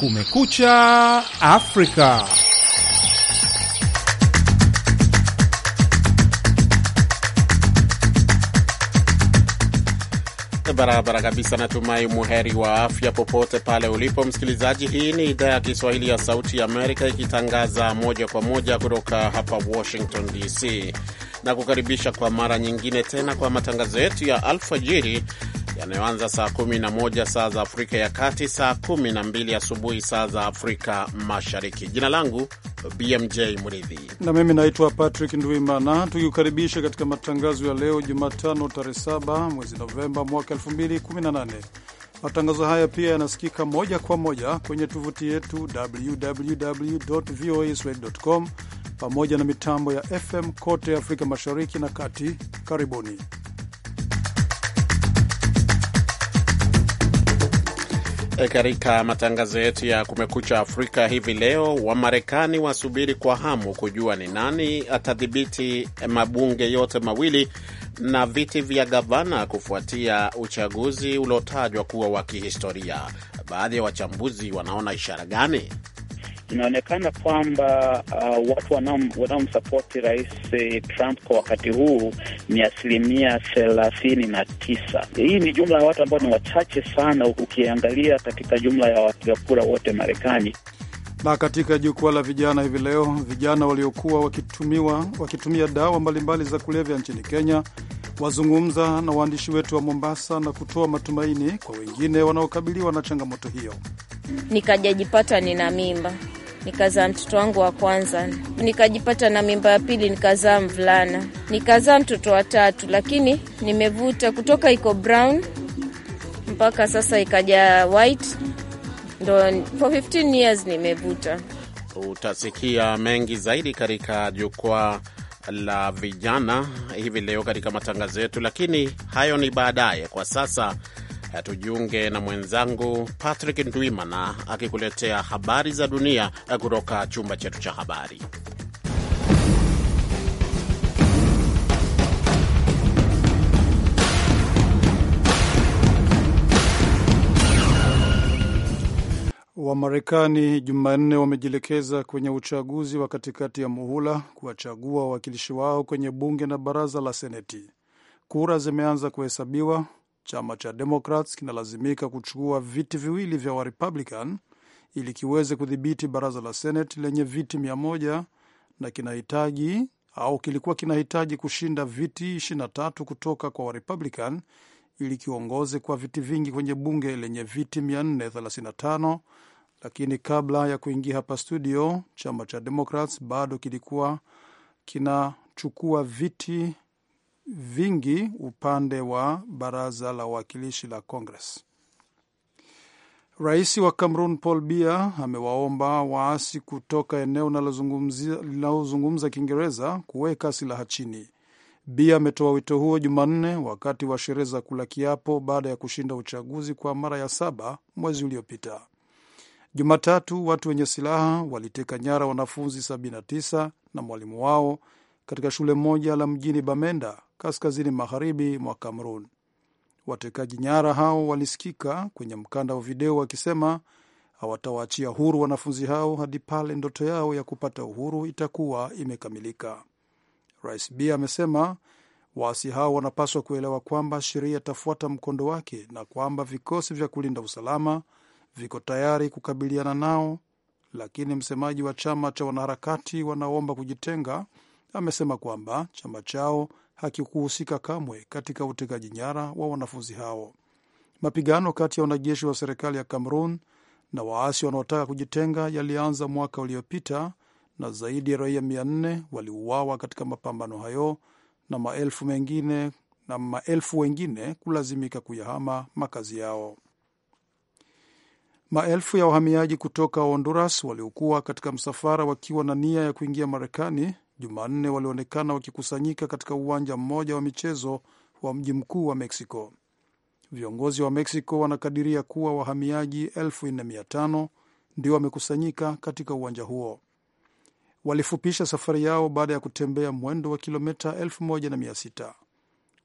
Kumekucha Afrika. Barabara kabisa. Natumai muheri wa afya popote pale ulipo msikilizaji. Hii ni idhaa ya Kiswahili ya Sauti ya Amerika ikitangaza moja kwa moja kutoka hapa Washington DC na kukaribisha kwa mara nyingine tena kwa matangazo yetu ya alfajiri yanayoanza saa 11 saa za Afrika ya Kati, saa 12 asubuhi saa za Afrika Mashariki. Jina langu BMJ Mridhi na mimi naitwa Patrick Nduimana, tukiukaribisha katika matangazo ya leo Jumatano tarehe 7 mwezi Novemba mwaka 2018. Matangazo haya pia yanasikika moja kwa moja kwenye tovuti yetu www voa swahili.com pamoja na mitambo ya FM kote Afrika Mashariki na Kati. Karibuni. E, katika matangazo yetu ya Kumekucha Afrika hivi leo, Wamarekani wasubiri kwa hamu kujua ni nani atadhibiti mabunge yote mawili na viti vya gavana kufuatia uchaguzi uliotajwa kuwa wa kihistoria. Baadhi ya wachambuzi wanaona ishara gani? inaonekana kwamba uh, watu wanaomsapoti rais eh, Trump kwa wakati huu ni asilimia thelathini na tisa. Hii ni jumla ya watu ambao ni wachache sana ukiangalia katika jumla ya wapiga kura wote Marekani. Na katika jukwaa la vijana hivi leo, vijana waliokuwa wakitumiwa, wakitumia dawa mbalimbali za kulevya nchini Kenya wazungumza na waandishi wetu wa Mombasa na kutoa matumaini kwa wengine wanaokabiliwa na changamoto hiyo. Nikajajipata nina mimba, nikazaa mtoto wangu wa kwanza, nikajipata na mimba ya pili, nikazaa mvulana, nikazaa mtoto wa tatu, lakini nimevuta kutoka iko brown mpaka sasa ikaja white, ndo for 15 years nimevuta. Utasikia mengi zaidi katika jukwaa la vijana hivi leo katika matangazo yetu, lakini hayo ni baadaye. Kwa sasa tujiunge na mwenzangu Patrick Ndwimana akikuletea habari za dunia kutoka chumba chetu cha habari. wa Marekani Jumanne wamejielekeza kwenye uchaguzi wa katikati ya muhula kuwachagua wawakilishi wao kwenye bunge na baraza la Seneti. Kura zimeanza kuhesabiwa. Chama cha Democrats kinalazimika kuchukua viti viwili vya Warepublican ili kiweze kudhibiti baraza la Seneti lenye viti mia moja na kinahitaji au kilikuwa kinahitaji kushinda viti 23 kutoka kwa Warepublican ili kiongoze kwa viti vingi kwenye bunge lenye viti 435 lakini kabla ya kuingia hapa studio, chama cha Democrats bado kilikuwa kinachukua viti vingi upande wa baraza la wawakilishi la Congress. Rais wa Cameroon Paul Biya amewaomba waasi kutoka eneo linalozungumza Kiingereza kuweka silaha chini. Biya ametoa wito huo Jumanne wakati wa sherehe za kula kiapo baada ya kushinda uchaguzi kwa mara ya saba mwezi uliopita. Jumatatu watu wenye silaha waliteka nyara wanafunzi 79 na mwalimu wao katika shule moja la mjini Bamenda, kaskazini magharibi mwa Cameroon. Watekaji nyara hao walisikika kwenye mkanda wa video wakisema hawatawaachia huru wanafunzi hao hadi pale ndoto yao ya kupata uhuru itakuwa imekamilika. Rais b amesema waasi hao wanapaswa kuelewa kwamba sheria itafuata mkondo wake na kwamba vikosi vya kulinda usalama viko tayari kukabiliana nao, lakini msemaji wa chama cha wanaharakati wanaoomba kujitenga amesema kwamba chama chao hakikuhusika kamwe katika utekaji nyara wa wanafunzi hao. Mapigano kati ya wanajeshi wa serikali ya Cameroon na waasi wanaotaka kujitenga yalianza mwaka uliopita na zaidi ya raia mia nne waliuawa katika mapambano hayo na maelfu mengine na maelfu wengine kulazimika kuyahama makazi yao. Maelfu ya wahamiaji kutoka Honduras waliokuwa katika msafara wakiwa na nia ya kuingia Marekani Jumanne walionekana wakikusanyika katika uwanja mmoja wa michezo wa mji mkuu wa Mexico. Viongozi wa Mexico wanakadiria kuwa wahamiaji 1500 ndio wamekusanyika katika uwanja huo. Walifupisha safari yao baada ya kutembea mwendo wa kilomita 1600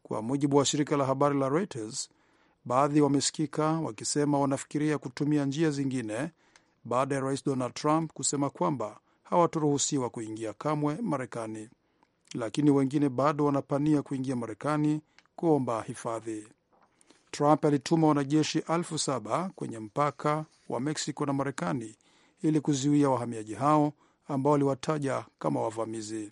kwa mujibu wa shirika la habari la Reuters. Baadhi wamesikika wakisema wanafikiria kutumia njia zingine baada ya rais Donald Trump kusema kwamba hawataruhusiwa kuingia kamwe Marekani, lakini wengine bado wanapania kuingia Marekani kuomba hifadhi. Trump alituma wanajeshi elfu saba kwenye mpaka wa Meksiko na Marekani ili kuzuia wahamiaji hao ambao aliwataja kama wavamizi.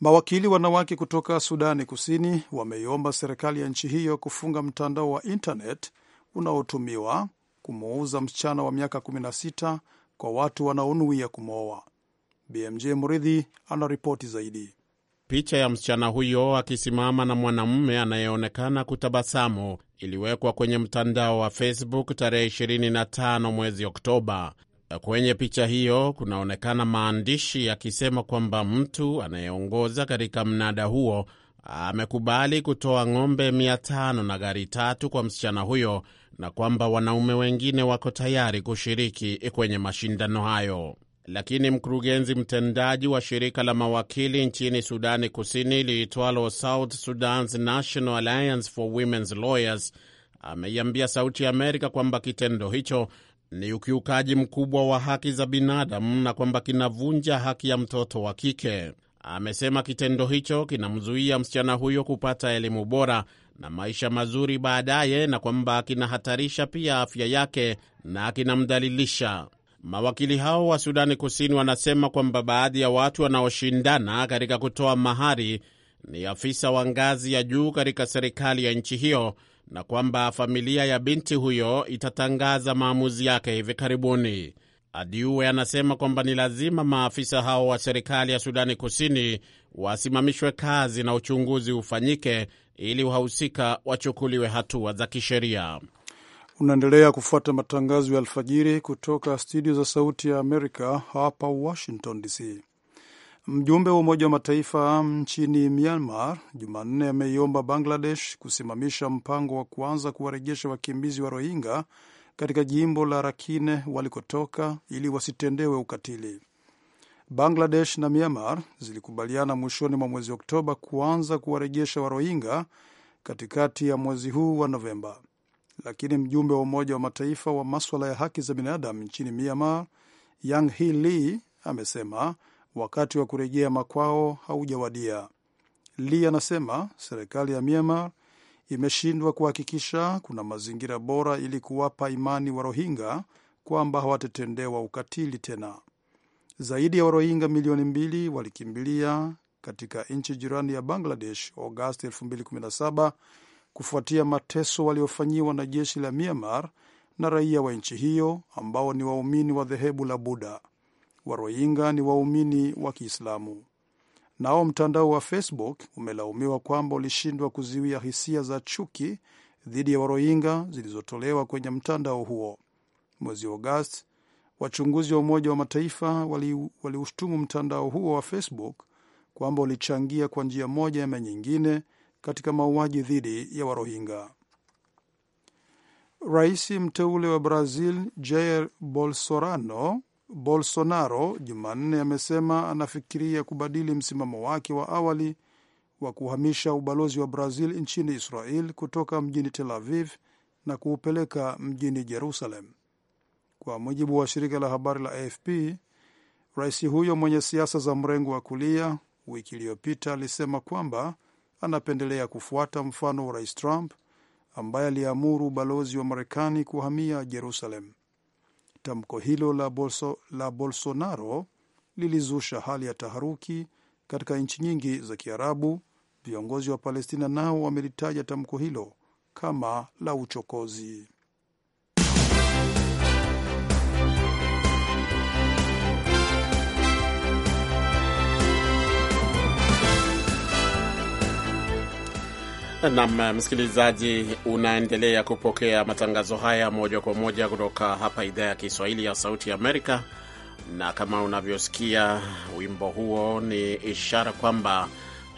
Mawakili wanawake kutoka Sudani Kusini wameiomba serikali ya nchi hiyo kufunga mtandao wa intanet unaotumiwa kumuuza msichana wa miaka 16 kwa watu wanaonuia kumwoa. BMJ Mridhi ripoti zaidi. Picha ya msichana huyo akisimama na mwanamume anayeonekana kutabasamu iliwekwa kwenye mtandao wa Facebook tarehe 25 mwezi Oktoba. Kwenye picha hiyo kunaonekana maandishi yakisema kwamba mtu anayeongoza katika mnada huo amekubali kutoa ng'ombe mia tano na gari tatu kwa msichana huyo na kwamba wanaume wengine wako tayari kushiriki kwenye mashindano hayo. Lakini mkurugenzi mtendaji wa shirika la mawakili nchini Sudani Kusini liitwalo South Sudan's National Alliance for Women's Lawyers ameiambia Sauti ya Amerika kwamba kitendo hicho ni ukiukaji mkubwa wa haki za binadamu na kwamba kinavunja haki ya mtoto wa kike. Amesema kitendo hicho kinamzuia msichana huyo kupata elimu bora na maisha mazuri baadaye, na kwamba kinahatarisha pia afya yake na kinamdhalilisha. Mawakili hao wa Sudani Kusini wanasema kwamba baadhi ya watu wanaoshindana katika kutoa mahari ni afisa wa ngazi ya juu katika serikali ya nchi hiyo na kwamba familia ya binti huyo itatangaza maamuzi yake hivi karibuni. Adiue anasema kwamba ni lazima maafisa hao wa serikali ya Sudani Kusini wasimamishwe kazi na uchunguzi ufanyike ili wahusika wachukuliwe hatua za kisheria. Unaendelea kufuata matangazo ya alfajiri kutoka studio za Sauti ya Amerika hapa Washington DC. Mjumbe wa Umoja wa Mataifa nchini Myanmar Jumanne ameiomba Bangladesh kusimamisha mpango wa kuanza kuwarejesha wakimbizi wa Rohingya katika jimbo la Rakhine walikotoka ili wasitendewe ukatili. Bangladesh na Myanmar zilikubaliana mwishoni mwa mwezi Oktoba kuanza kuwarejesha rohinga katikati ya mwezi huu wa Novemba, lakini mjumbe wa Umoja wa Mataifa wa maswala ya haki za binadamu nchini Myanmar Hi Lee amesema wakati wa kurejea makwao haujawadia. Li anasema serikali ya Myanmar imeshindwa kuhakikisha kuna mazingira bora ili kuwapa imani wa Rohingya kwamba hawatatendewa ukatili tena. Zaidi ya Warohingya milioni mbili walikimbilia katika nchi jirani ya Bangladesh Agosti 2017 kufuatia mateso waliofanyiwa na jeshi la Myanmar na raia wa nchi hiyo ambao ni waumini wa dhehebu la Buddha wa Rohingya ni waumini wa Kiislamu. Nao mtandao wa Facebook umelaumiwa kwamba ulishindwa kuziwia hisia za chuki dhidi ya Warohingya zilizotolewa kwenye mtandao huo. Mwezi Agosti, wachunguzi wa Umoja wa Mataifa waliushtumu wali mtandao huo wa Facebook kwamba ulichangia kwa njia moja ama nyingine katika mauaji dhidi ya Warohingya. Rais mteule wa Brazil Jair Bolsonaro Bolsonaro Jumanne amesema anafikiria kubadili msimamo wake wa awali wa kuhamisha ubalozi wa Brazil nchini Israel kutoka mjini Tel Aviv na kuupeleka mjini Jerusalem. Kwa mujibu wa shirika la habari la AFP, rais huyo mwenye siasa za mrengo wa kulia wiki iliyopita alisema kwamba anapendelea kufuata mfano wa rais Trump ambaye aliamuru ubalozi wa Marekani kuhamia Jerusalem. Tamko hilo la, Bolso, la Bolsonaro lilizusha hali ya taharuki katika nchi nyingi za Kiarabu. Viongozi wa Palestina nao wamelitaja tamko hilo kama la uchokozi. Nam msikilizaji, unaendelea kupokea matangazo haya moja kwa moja kutoka hapa idhaa ya Kiswahili ya Sauti Amerika, na kama unavyosikia wimbo huo ni ishara kwamba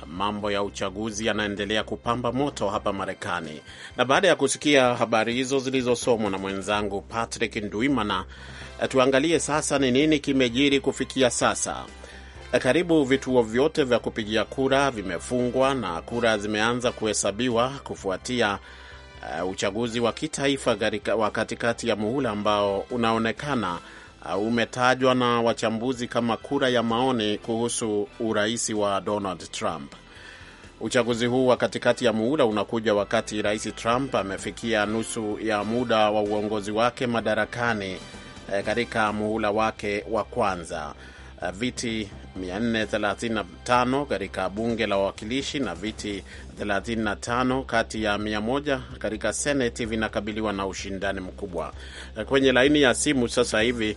mambo ya uchaguzi yanaendelea kupamba moto hapa Marekani. Na baada ya kusikia habari hizo zilizosomwa na mwenzangu Patrick Ndwimana, tuangalie sasa ni nini kimejiri kufikia sasa. Eh, karibu vituo vyote vya kupigia kura vimefungwa na kura zimeanza kuhesabiwa kufuatia uh, uchaguzi wa kitaifa wa katikati ya muhula ambao unaonekana uh, umetajwa na wachambuzi kama kura ya maoni kuhusu urais wa Donald Trump. Uchaguzi huu wa katikati ya muhula unakuja wakati Rais Trump amefikia nusu ya muda wa uongozi wake madarakani eh, katika muhula wake wa kwanza viti 435 katika bunge la wawakilishi na viti 35 kati ya 100 katika seneti vinakabiliwa na ushindani mkubwa. Kwenye laini ya simu sasa hivi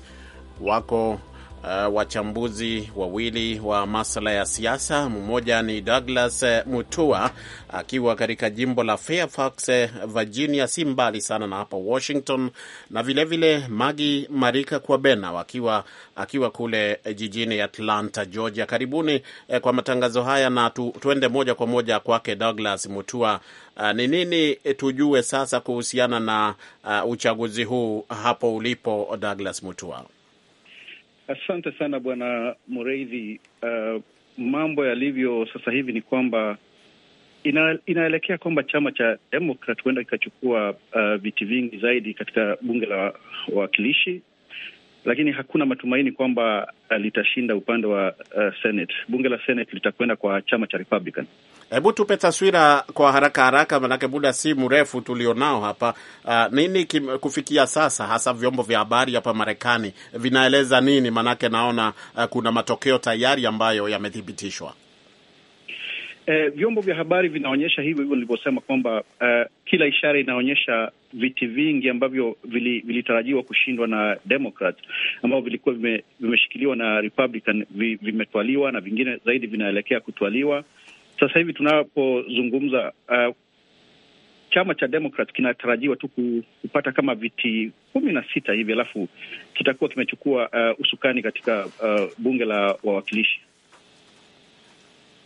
wako uh, wachambuzi wawili wa masuala ya siasa. Mmoja ni Douglas eh, Mutua akiwa katika jimbo la Fairfax, eh, Virginia, si mbali sana na hapa Washington, na vilevile vile Magi Marika Kwabena wakiwa akiwa kule jijini Atlanta, Georgia. Karibuni eh, kwa matangazo haya na tu, tuende moja kwa moja kwake Douglas Mutua. Ni uh, nini tujue sasa kuhusiana na uh, uchaguzi huu hapo ulipo Douglas Mutua? Asante sana bwana Mureithi. Uh, mambo yalivyo sasa hivi ni kwamba ina, inaelekea kwamba chama cha Demokrat huenda kikachukua uh, viti vingi zaidi katika bunge la wawakilishi lakini hakuna matumaini kwamba uh, litashinda upande wa uh, Senate. Bunge la Senate litakwenda kwa chama cha Republican. Hebu tupe taswira kwa haraka haraka, manake muda si mrefu tulionao hapa. Uh, nini kim, kufikia sasa hasa vyombo vya habari hapa Marekani vinaeleza nini? Manake naona uh, kuna matokeo tayari ambayo yamethibitishwa. E, vyombo vya habari vinaonyesha hivyo hivyo nilivyosema kwamba uh, kila ishara inaonyesha viti vingi ambavyo vilitarajiwa vili kushindwa na Democrat ambavyo vilikuwa vime, vimeshikiliwa na Republican vimetwaliwa na vingine zaidi vinaelekea kutwaliwa. Sasa hivi tunapozungumza uh, chama cha Democrat kinatarajiwa tu kupata kama viti kumi na sita hivi, alafu kitakuwa kimechukua uh, usukani katika uh, bunge la wawakilishi.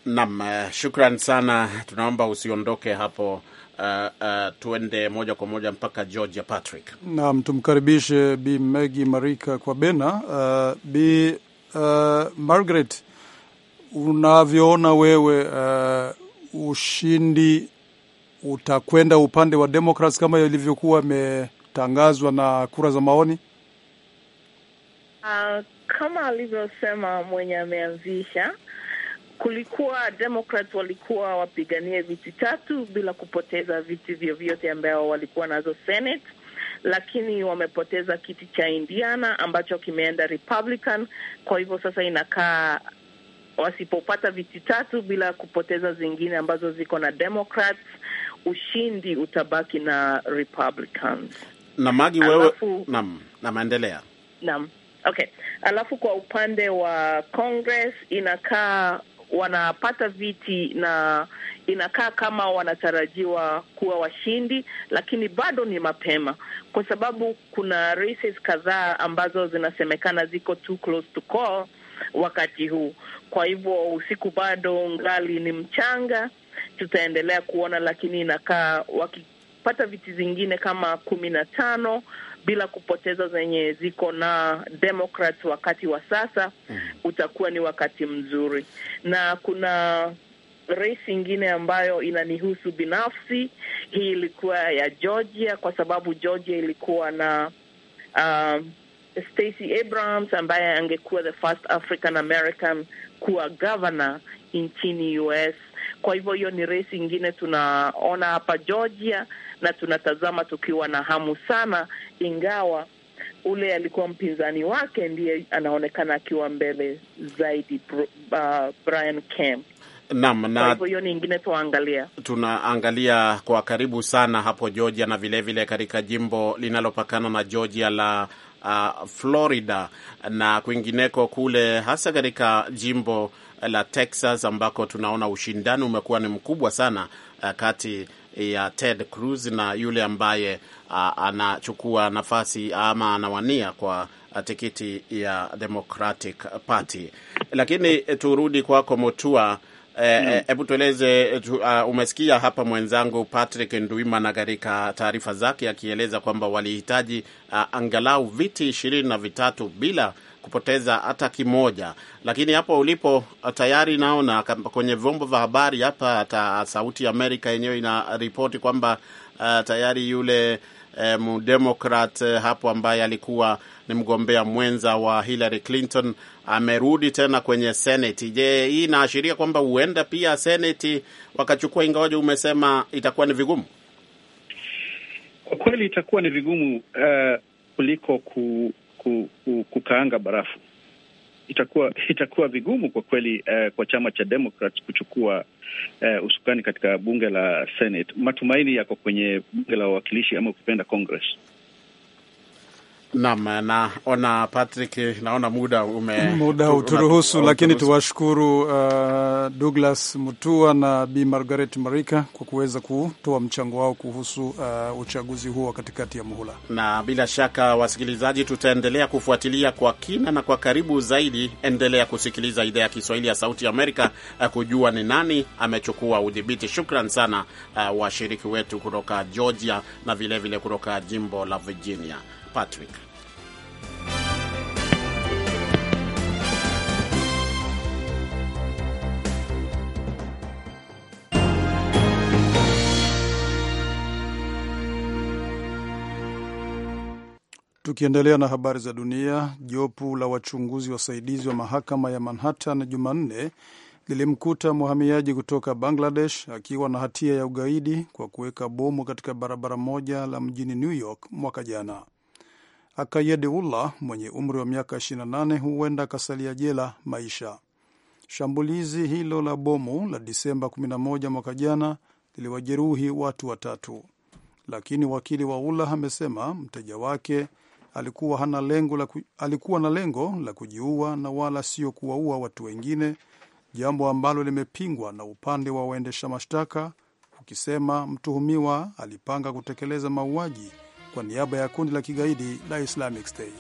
Naam, eh, shukran sana. Tunaomba usiondoke hapo. Uh, uh, tuende moja kwa moja mpaka Georgia Patrick. Naam, tumkaribishe Bi Megi Marika kwa Bena. Uh, Bi uh, Margaret, unavyoona wewe uh, ushindi utakwenda upande wa Democrats kama ilivyokuwa imetangazwa na kura za maoni? Uh, kama alivyosema mwenye ameanzisha kulikuwa Democrats walikuwa wapiganie viti tatu bila kupoteza viti vyovyote ambao walikuwa nazo Senate, lakini wamepoteza kiti cha Indiana ambacho kimeenda Republican. Kwa hivyo sasa inakaa wasipopata viti tatu bila kupoteza zingine ambazo ziko na Democrats, ushindi utabaki na Republicans. Na Magi, wewe naam, na maendelea naam. Okay, alafu kwa upande wa Congress inakaa wanapata viti na inakaa kama wanatarajiwa kuwa washindi, lakini bado ni mapema, kwa sababu kuna races kadhaa ambazo zinasemekana ziko too close to call wakati huu. Kwa hivyo usiku bado ngali ni mchanga, tutaendelea kuona, lakini inakaa wakipata viti zingine kama kumi na tano bila kupoteza zenye ziko na Democrats wakati wa sasa mm Utakuwa ni wakati mzuri, na kuna race ingine ambayo inanihusu binafsi. Hii ilikuwa ya Georgia kwa sababu Georgia ilikuwa na uh, Stacey Abrams ambaye angekuwa the first African American kuwa governor nchini US. Kwa hivyo hiyo ni race ingine tunaona hapa Georgia na tunatazama tukiwa na hamu sana, ingawa ule alikuwa mpinzani wake ndiye anaonekana akiwa mbele zaidi, uh, Brian Kemp. Naam, na hivyo hiyo ingine tuangalia, tunaangalia kwa karibu sana hapo Georgia na vilevile katika jimbo linalopakana na Georgia la uh, Florida na kwingineko kule, hasa katika jimbo la Texas ambako tunaona ushindani umekuwa ni mkubwa sana uh, kati ya Ted Cruz na yule ambaye uh, anachukua nafasi ama anawania kwa tikiti ya Democratic Party. Lakini e, turudi kwako Motua. E, e, mm-hmm. Hebu e, tueleze tu, uh, umesikia hapa mwenzangu Patrick Ndwimana katika taarifa zake akieleza kwamba walihitaji uh, angalau viti ishirini na vitatu bila kupoteza hata kimoja, lakini hapo ulipo uh, tayari naona kwenye vyombo vya habari hapa, hata Sauti Amerika yenyewe inaripoti kwamba uh, tayari yule eh, mdemokrat uh, hapo ambaye alikuwa ni mgombea mwenza wa Hillary Clinton amerudi tena kwenye seneti. Je, hii inaashiria kwamba huenda pia seneti wakachukua, ingawaje umesema itakuwa ni vigumu? Kwa kweli itakuwa ni vigumu uh, kuliko ku ku, ku, kukaanga barafu. Itakuwa itakuwa vigumu kwa kweli eh, kwa chama cha Democrats kuchukua eh, usukani katika bunge la Senate. Matumaini yako kwenye bunge la wawakilishi ama ukipenda Congress. Naam, naona Patrick, naona muda ume muda uturuhusu, lakini tuwashukuru uh, Douglas Mutua na Bi Margaret Marika kwa kuweza kutoa mchango wao kuhusu uh, uchaguzi huo wa katikati ya muhula, na bila shaka wasikilizaji, tutaendelea kufuatilia kwa kina na kwa karibu zaidi. Endelea kusikiliza idhaa ya Kiswahili ya Sauti ya Amerika uh, kujua ni nani amechukua udhibiti. Shukran sana uh, washiriki wetu kutoka Georgia na vilevile vile kutoka jimbo la Virginia. Patrick. Tukiendelea na habari za dunia, jopo la wachunguzi wasaidizi wa mahakama ya Manhattan Jumanne lilimkuta mhamiaji kutoka Bangladesh akiwa na hatia ya ugaidi kwa kuweka bomu katika barabara moja la mjini New York mwaka jana. Akayedeullah mwenye umri wa miaka 28 huenda akasalia jela maisha. Shambulizi hilo la bomu la Disemba 11 mwaka jana liliwajeruhi watu watatu, lakini wakili wa Ula amesema mteja wake alikuwa, hana lengo la, alikuwa na lengo la kujiua na wala sio kuwaua watu wengine, jambo ambalo limepingwa na upande wa waendesha mashtaka ukisema mtuhumiwa alipanga kutekeleza mauaji kwa niaba ya kundi la kigaidi la Islamic State.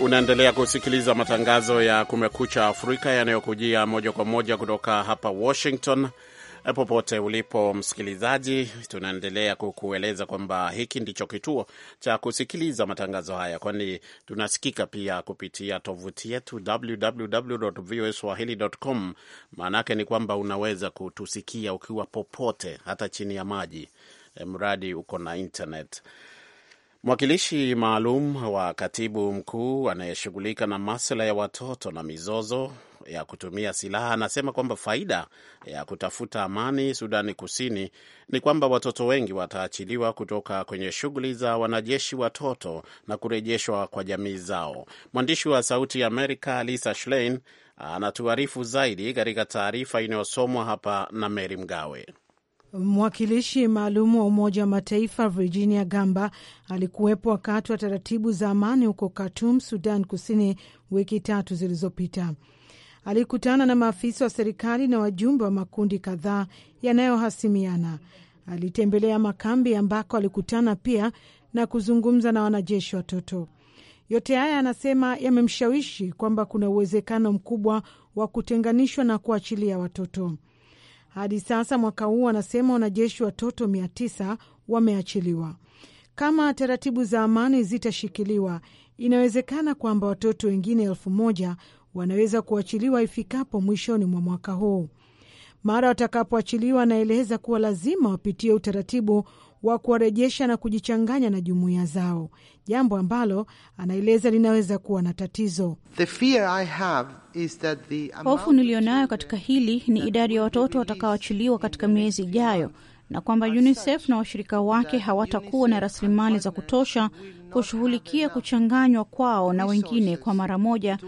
Unaendelea kusikiliza matangazo ya Kumekucha Afrika yanayokujia moja kwa moja kutoka hapa Washington. Popote ulipo msikilizaji, tunaendelea kukueleza kwamba hiki ndicho kituo cha kusikiliza matangazo haya, kwani tunasikika pia kupitia tovuti yetu www.voaswahili.com. Maanake ni kwamba unaweza kutusikia ukiwa popote, hata chini ya maji, mradi uko na internet. Mwakilishi maalum wa katibu mkuu anayeshughulika na masuala ya watoto na mizozo ya kutumia silaha anasema kwamba faida ya kutafuta amani Sudani Kusini ni kwamba watoto wengi wataachiliwa kutoka kwenye shughuli za wanajeshi watoto na kurejeshwa kwa jamii zao. Mwandishi wa Sauti ya Amerika Lisa Schlein anatuarifu zaidi katika taarifa inayosomwa hapa na Meri Mgawe. Mwakilishi maalum wa Umoja wa Mataifa Virginia Gamba alikuwepo wakati wa taratibu za amani huko Khartoum, Sudan Kusini, wiki tatu zilizopita. Alikutana na maafisa wa serikali na wajumbe wa makundi kadhaa yanayohasimiana. Alitembelea makambi ambako alikutana pia na kuzungumza na wanajeshi watoto. Yote haya anasema yamemshawishi kwamba kuna uwezekano mkubwa wa kutenganishwa na kuachilia watoto. Hadi sasa mwaka huu wanasema wanajeshi watoto mia tisa wameachiliwa. Kama taratibu za amani zitashikiliwa, inawezekana kwamba watoto wengine elfu moja wanaweza kuachiliwa ifikapo mwishoni mwa mwaka huu. Mara watakapoachiliwa, anaeleza kuwa lazima wapitie utaratibu wa kuwarejesha na kujichanganya na jumuiya zao, jambo ambalo anaeleza linaweza kuwa na tatizo. Hofu niliyonayo katika hili ni idadi ya watoto watakaoachiliwa katika miezi ijayo, na kwamba UNICEF na washirika wake hawatakuwa na rasilimali za kutosha kushughulikia kuchanganywa kwao na wengine kwa mara moja.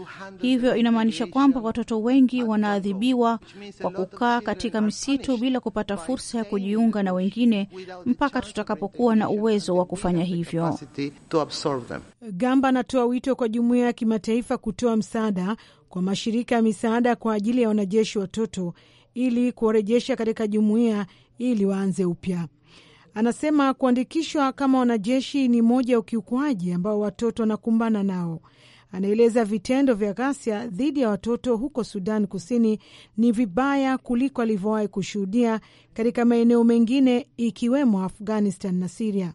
Hivyo inamaanisha kwamba watoto wengi wanaadhibiwa kwa kukaa katika misitu bila kupata fursa ya kujiunga na wengine mpaka tutakapokuwa na uwezo wa kufanya hivyo. Gamba anatoa wito kwa jumuiya ya kimataifa kutoa msaada kwa mashirika ya misaada kwa ajili ya wanajeshi watoto ili kuwarejesha katika jumuiya ili waanze upya. Anasema kuandikishwa kama wanajeshi ni moja ya ukiukwaji ambao watoto wanakumbana nao. Anaeleza vitendo vya ghasia dhidi ya watoto huko Sudan Kusini ni vibaya kuliko alivyowahi kushuhudia katika maeneo mengine ikiwemo Afghanistan na Siria.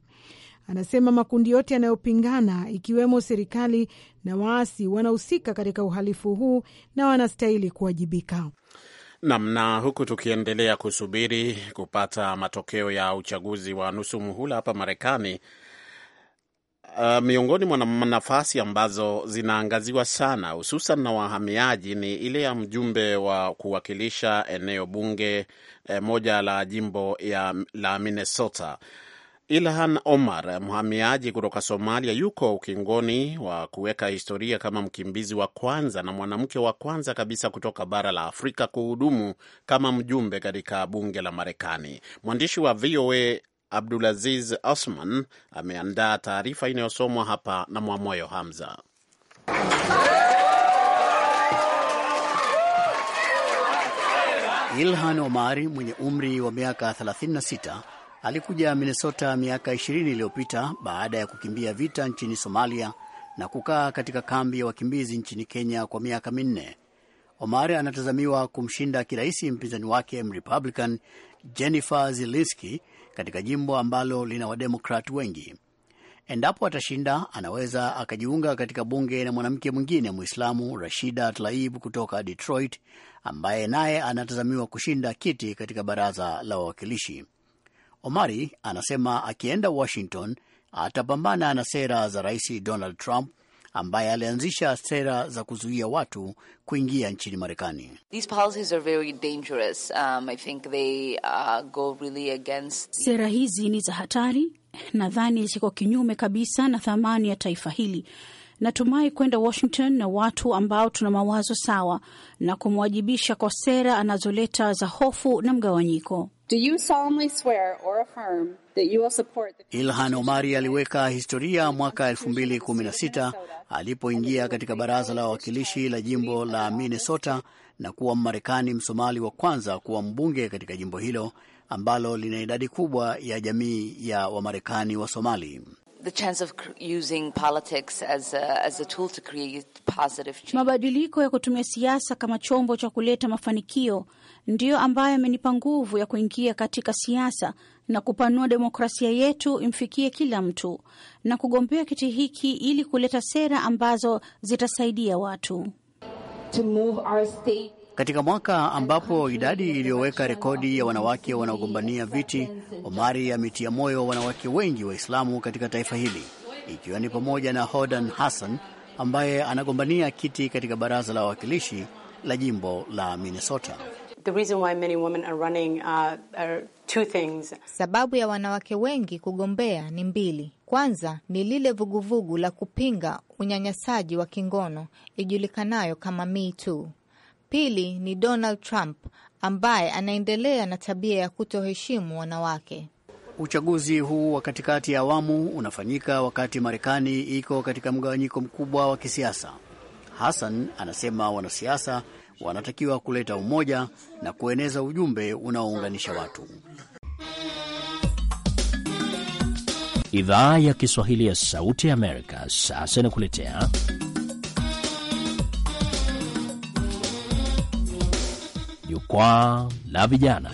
Anasema makundi yote yanayopingana ikiwemo serikali na waasi wanahusika katika uhalifu huu na wanastahili kuwajibika. Nam na huku tukiendelea kusubiri kupata matokeo ya uchaguzi wa nusu muhula hapa Marekani. Uh, miongoni mwa nafasi ambazo zinaangaziwa sana hususan na wahamiaji ni ile ya mjumbe wa kuwakilisha eneo bunge eh, moja la jimbo ya, la Minnesota Ilhan Omar, mhamiaji kutoka Somalia, yuko ukingoni wa kuweka historia kama mkimbizi wa kwanza na mwanamke wa kwanza kabisa kutoka bara la Afrika kuhudumu kama mjumbe katika bunge la Marekani. Mwandishi wa VOA Abdulaziz Osman ameandaa taarifa inayosomwa hapa na Mwamoyo Hamza. Ilhan Omar mwenye umri wa miaka 36 Alikuja Minnesota miaka 20 iliyopita baada ya kukimbia vita nchini Somalia na kukaa katika kambi ya wakimbizi nchini Kenya kwa miaka minne. Omar anatazamiwa kumshinda kirahisi mpinzani wake Mrepublican Jennifer Zilinski katika jimbo ambalo lina Wademokrat wengi. Endapo atashinda, anaweza akajiunga katika bunge na mwanamke mwingine Mwislamu, Rashida Tlaib kutoka Detroit, ambaye naye anatazamiwa kushinda kiti katika baraza la wawakilishi. Omari anasema akienda Washington atapambana na sera za Rais Donald Trump ambaye alianzisha sera za kuzuia watu kuingia nchini Marekani. Um, they, uh, really against... sera hizi ni za hatari, nadhani ziko kinyume kabisa na thamani ya taifa hili Natumai kwenda Washington na watu ambao tuna mawazo sawa na kumwajibisha kwa sera anazoleta za hofu na mgawanyiko. Ilhan Omari aliweka historia mwaka 2016 alipoingia katika baraza la wawakilishi la jimbo la Minnesota na kuwa Mmarekani Msomali wa kwanza kuwa mbunge katika jimbo hilo ambalo lina idadi kubwa ya jamii ya Wamarekani wa Somali the chance of using politics as a, as a tool to create positive change. Mabadiliko ya kutumia siasa kama chombo cha kuleta mafanikio ndiyo ambayo amenipa nguvu ya kuingia katika siasa na kupanua demokrasia yetu imfikie kila mtu na kugombea kiti hiki ili kuleta sera ambazo zitasaidia watu to move our state katika mwaka ambapo idadi iliyoweka rekodi ya wanawake wanaogombania viti. Omari ametia moyo wanawake wengi Waislamu katika taifa hili ikiwa ni pamoja na Hodan Hassan ambaye anagombania kiti katika baraza la wawakilishi la jimbo la Minnesota. The reason why many women are running, uh, are two things. Sababu ya wanawake wengi kugombea ni mbili. Kwanza ni lile vuguvugu la kupinga unyanyasaji wa kingono ijulikanayo kama Me Too pili ni Donald Trump ambaye anaendelea na tabia ya kutoheshimu wanawake. Uchaguzi huu wa katikati ya awamu unafanyika wakati Marekani iko katika mgawanyiko mkubwa wa kisiasa. Hassan anasema wanasiasa wanatakiwa kuleta umoja na kueneza ujumbe unaounganisha watu. Idhaa ya Kiswahili ya Sauti ya Amerika sasa inakuletea Jukwaa la Vijana.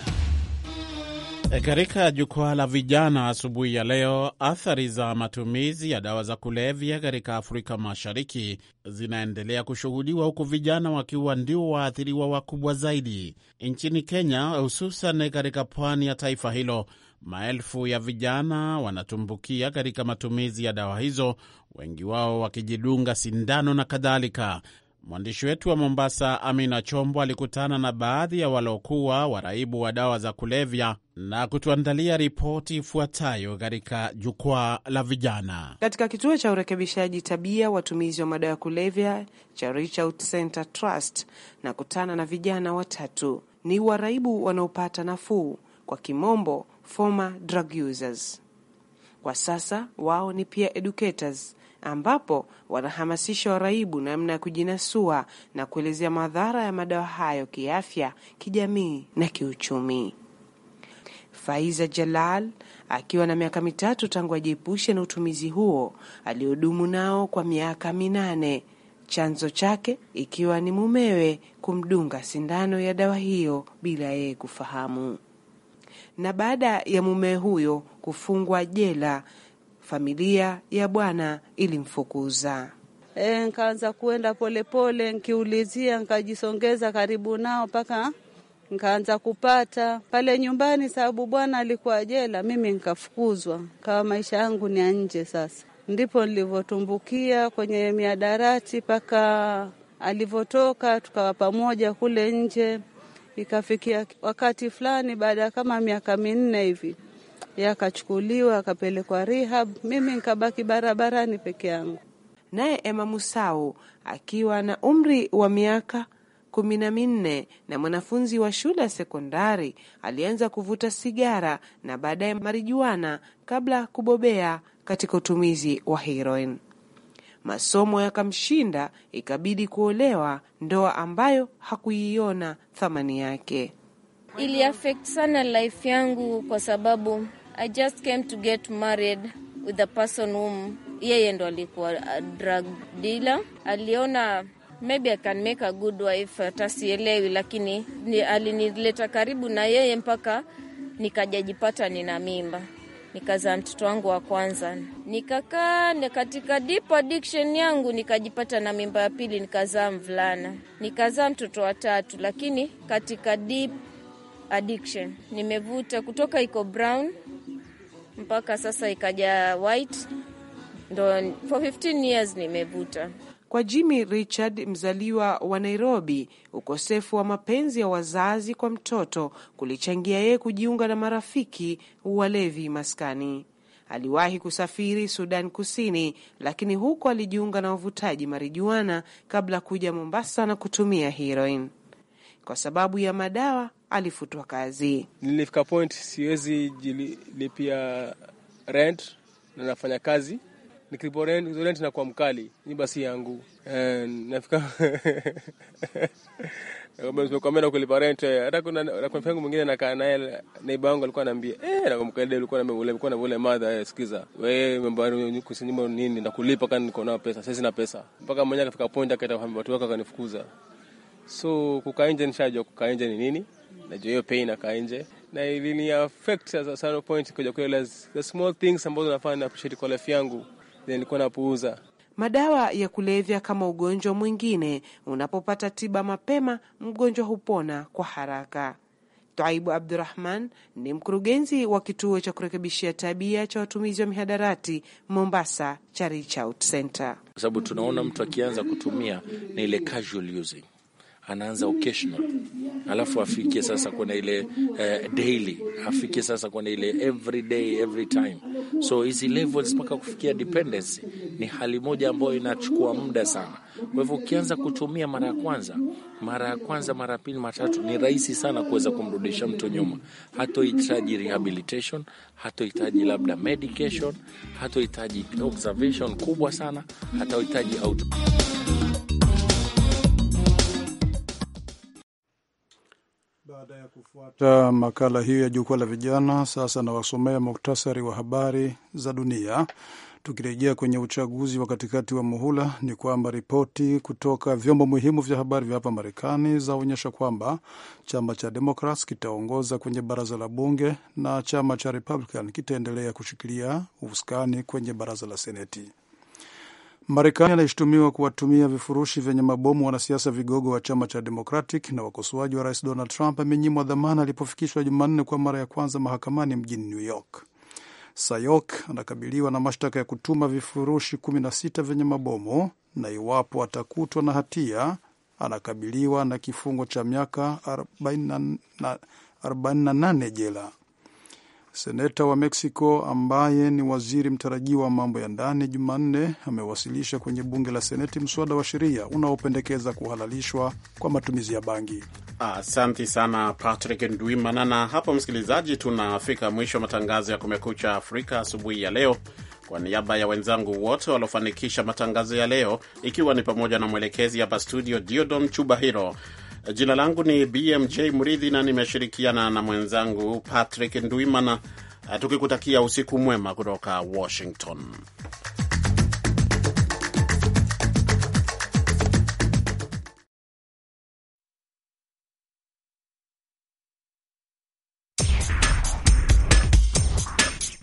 E, katika jukwaa la vijana asubuhi ya leo, athari za matumizi ya dawa za kulevya katika Afrika Mashariki zinaendelea kushuhudiwa huku vijana wakiwa ndio waathiriwa wakubwa zaidi. Nchini Kenya, hususan katika pwani ya taifa hilo, maelfu ya vijana wanatumbukia katika matumizi ya dawa hizo, wengi wao wakijidunga sindano na kadhalika. Mwandishi wetu wa Mombasa, Amina Chombo, alikutana na baadhi ya waliokuwa waraibu wa dawa za kulevya na kutuandalia ripoti ifuatayo katika jukwaa la vijana. Katika kituo cha urekebishaji tabia watumizi wa madawa ya kulevya cha Reach Out Center Trust, na kutana na vijana watatu ni waraibu wanaopata nafuu, kwa kimombo former drug users. Kwa sasa wao ni pia educators ambapo wanahamasisha waraibu namna ya kujinasua na kuelezea madhara ya madawa hayo kiafya, kijamii na kiuchumi. Faiza Jalal akiwa na miaka mitatu tangu ajiepushe na utumizi huo aliodumu nao kwa miaka minane, chanzo chake ikiwa ni mumewe kumdunga sindano ya dawa hiyo bila yeye kufahamu, na baada ya mumewe huyo kufungwa jela familia ya bwana ilimfukuza. E, nkaanza kuenda polepole nkiulizia, nkajisongeza karibu nao mpaka nkaanza kupata pale nyumbani, sababu bwana alikuwa jela, mimi nkafukuzwa, kawa maisha yangu ni ya nje. Sasa ndipo nilivyotumbukia kwenye miadarati mpaka alivyotoka, tukawa pamoja kule nje. Ikafikia wakati fulani, baada ya kama miaka minne hivi yakachukuliwa akapelekwa rehab, mimi nkabaki barabarani peke yangu. Naye Emma Musau akiwa na umri wa miaka kumi na minne na mwanafunzi wa shule ya sekondari alianza kuvuta sigara na baadaye marijuana kabla kubobea katika utumizi wa heroin. Masomo yakamshinda, ikabidi kuolewa, ndoa ambayo hakuiona thamani yake. Iliafekt sana life yangu kwa sababu I just came to get married with a person whom yeye ndo alikuwa uh, drug dealer. Aliona maybe I can make a good wife, atasielewi, lakini alinileta karibu na yeye mpaka nikajajipata nina mimba nikazaa mtoto wangu wa kwanza, nikakaa katika deep addiction yangu, nikajipata na mimba ya pili, nikazaa mvulana, nikazaa mtoto wa tatu, lakini katika deep addiction nimevuta kutoka iko brown mpaka sasa ikaja white, ndo for 15 years nimevuta. Kwa Jimmy Richard, mzaliwa wa Nairobi, ukosefu wa mapenzi ya wazazi kwa mtoto kulichangia yeye kujiunga na marafiki walevi maskani. Aliwahi kusafiri Sudan Kusini, lakini huko alijiunga na wavutaji marijuana kabla kuja Mombasa na kutumia heroin. Kwa sababu ya madawa alifutwa kazi. Nilifika point siwezi jilipia rent na nafanya kazi nikilipo rent, rent nakuwa mkali, nyumba si yangu. Eh, nafika kwambia kulipa rent, eh, hata kuna rafiki yangu mwingine nakaa naye, naiba alikuwa anaambia eh, na na madha eh, sikiza wewe mambo nyumba nini, nakulipa niko pesa, sasa sina pesa. Mpaka akafika point akaita watu akanifukuza. So kukaa nje, nishajua kukaa nje ni nini najua hiyo pain inakaa nje na ilini affect as a certain point kuja kurealize the small things ambazo nafanya na appreciate kwa life yangu zenye nilikuwa napuuza. Madawa ya kulevya kama ugonjwa mwingine, unapopata tiba mapema, mgonjwa hupona kwa haraka. Taibu Abdurrahman ni mkurugenzi wa kituo cha kurekebishia tabia cha watumizi wa mihadarati Mombasa cha Reach Out Center. Kwa sababu tunaona mtu akianza kutumia ni ile casual using anaanza occasional, alafu afike sasa kuna ile uh, daily, afike sasa kuna ile every day every time. So hizi levels mpaka kufikia dependency ni hali moja ambayo inachukua muda sana. Kwa hivyo ukianza kutumia mara ya kwanza, mara ya kwanza, mara ya pili, matatu, ni rahisi sana kuweza kumrudisha mtu nyuma. Hatohitaji rehabilitation, hatohitaji labda medication, hatohitaji observation kubwa sana, hatohitaji out Baada ya kufuata makala hiyo ya jukwaa la vijana, sasa nawasomea muktasari wa habari za dunia. Tukirejea kwenye uchaguzi wa katikati wa muhula, ni kwamba ripoti kutoka vyombo muhimu vya habari vya hapa Marekani zaonyesha kwamba chama cha Democrats kitaongoza kwenye baraza la bunge na chama cha Republican kitaendelea kushikilia uskani kwenye baraza la Seneti. Marekani anaishutumiwa kuwatumia vifurushi vyenye mabomu wanasiasa vigogo wa chama cha Democratic na wakosoaji wa rais Donald Trump amenyimwa dhamana alipofikishwa Jumanne kwa mara ya kwanza mahakamani mjini New York. Sayok anakabiliwa na mashtaka ya kutuma vifurushi 16 vyenye mabomu na iwapo atakutwa na hatia anakabiliwa na kifungo cha miaka 48 jela. Seneta wa Mexico ambaye ni waziri mtarajiwa wa mambo ya ndani, Jumanne amewasilisha kwenye bunge la Seneti mswada wa sheria unaopendekeza kuhalalishwa kwa matumizi ya bangi. Asante ah, sana Patrick Ndwimana. Na hapo, msikilizaji, tunafika mwisho wa matangazo ya Kumekucha Afrika asubuhi ya leo. Kwa niaba ya wenzangu wote waliofanikisha matangazo ya leo, ikiwa ni pamoja na mwelekezi hapa studio Diodon Chubahiro, Jina langu ni BMJ Mridhi na nimeshirikiana na mwenzangu Patrick Ndwimana, tukikutakia usiku mwema kutoka Washington.